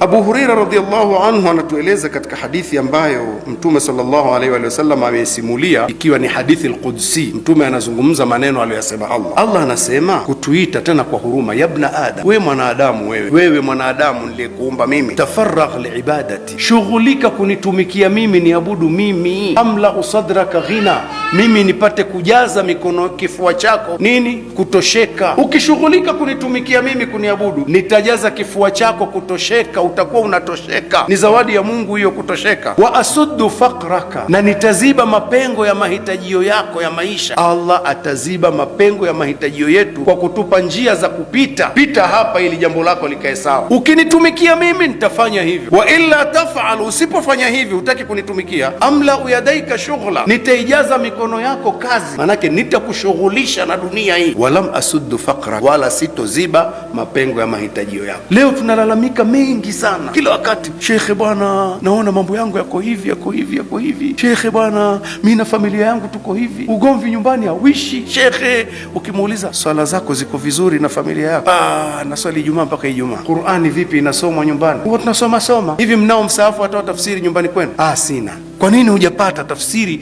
Abu Huraira radhiallahu anhu anatueleza katika hadithi ambayo Mtume sallallahu alaihi wa sallam ameisimulia, ikiwa ni hadithi al-Qudsi. Mtume anazungumza maneno aliyosema Allah. Allah anasema kutuita tena kwa huruma, yabna adam, we mwanadamu, wewe wewe mwanadamu niliyekuumba mimi, tafaragh liibadati, shughulika kunitumikia mimi, niabudu mimi, amla usadraka ghina mimi nipate kujaza mikono kifua chako nini? Kutosheka. Ukishughulika kunitumikia mimi, kuniabudu, nitajaza kifua chako kutosheka, utakuwa unatosheka. Ni zawadi ya Mungu hiyo, kutosheka. Wa asuddu faqraka, na nitaziba mapengo ya mahitajio yako ya maisha. Allah ataziba mapengo ya mahitajio yetu kwa kutupa njia za kupita pita hapa, ili jambo lako likae sawa. Ukinitumikia mimi nitafanya hivyo, wa illa tafal, usipofanya hivi, utaki kunitumikia, amla uyadaika shughla, nitaijaza mikono yako kazi, manake nitakushughulisha na dunia hii. Walam asuddu fakra, wala sitoziba mapengo ya mahitajio yako. Leo tunalalamika mengi sana, kila wakati, shekhe bwana, naona mambo yangu yako hivi yako hivi yako hivi, shekhe bwana, mi na familia yangu tuko hivi, ugomvi nyumbani hawishi. Shekhe ukimuuliza swala zako ziko vizuri na familia yako, ah, naswali Ijumaa mpaka Ijumaa. Qurani vipi inasomwa nyumbani? Huwa tunasoma soma hivi. Mnao msaafu hata tafsiri nyumbani kwenu? Ah, sina kwa nini hujapata tafsiri?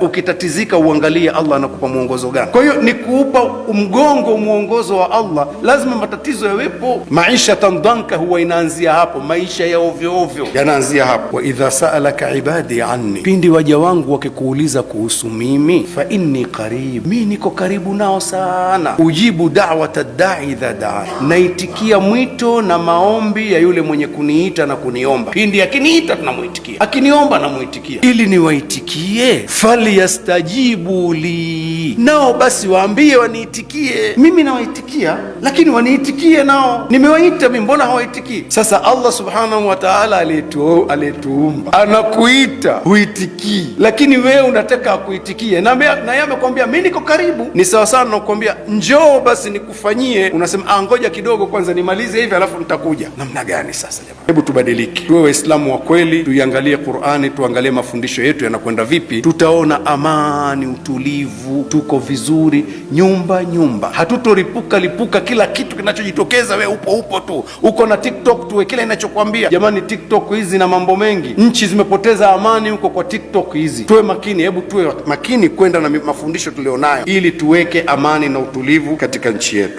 Ukitatizika uangalie Allah anakupa mwongozo gani? Kwa hiyo ni kuupa mgongo mwongozo wa Allah, lazima matatizo yawepo. Maisha tandanka huwa inaanzia hapo, maisha ya ovyoovyo yanaanzia hapo. Wa idha saalaka ibadi anni, pindi waja wangu wakikuuliza kuhusu mimi, fa inni qarib, mi niko karibu nao sana. Ujibu dawata dai dha daa, naitikia mwito na maombi ya yule mwenye kuniita na kuniomba. Pindi akiniita tunamuitikia akiniomba namwitikia niwaitikia, ili niwaitikie, faliyastajibu li, nao basi waambie waniitikie mimi, nawaitikia kuwaitikia lakini waniitikie nao, nimewaita mimi, mbona hawaitikii? Sasa Allah subhanahu wa ta'ala aliyetuumba anakuita, huitikii, lakini wewe unataka akuitikie, na yeye amekwambia mimi niko karibu. Ni sawa sana nakukwambia njoo basi nikufanyie, unasema ah, ngoja kidogo kwanza nimalize hivi alafu nitakuja. Namna gani sasa jamaa? Hebu tubadilike, tuwe waislamu wa kweli, tuiangalie Qur'ani, tuangalie mafundisho yetu yanakwenda vipi, tutaona amani, utulivu, tuko vizuri, nyumba nyumba, hatutoripuka unalipuka kila kitu kinachojitokeza, we upo upo tu, uko na TikTok tuwe kile inachokwambia. Jamani, TikTok hizi na mambo mengi, nchi zimepoteza amani huko kwa TikTok hizi. Tuwe makini, hebu tuwe makini kwenda na mafundisho tulionayo, ili tuweke amani na utulivu katika nchi yetu.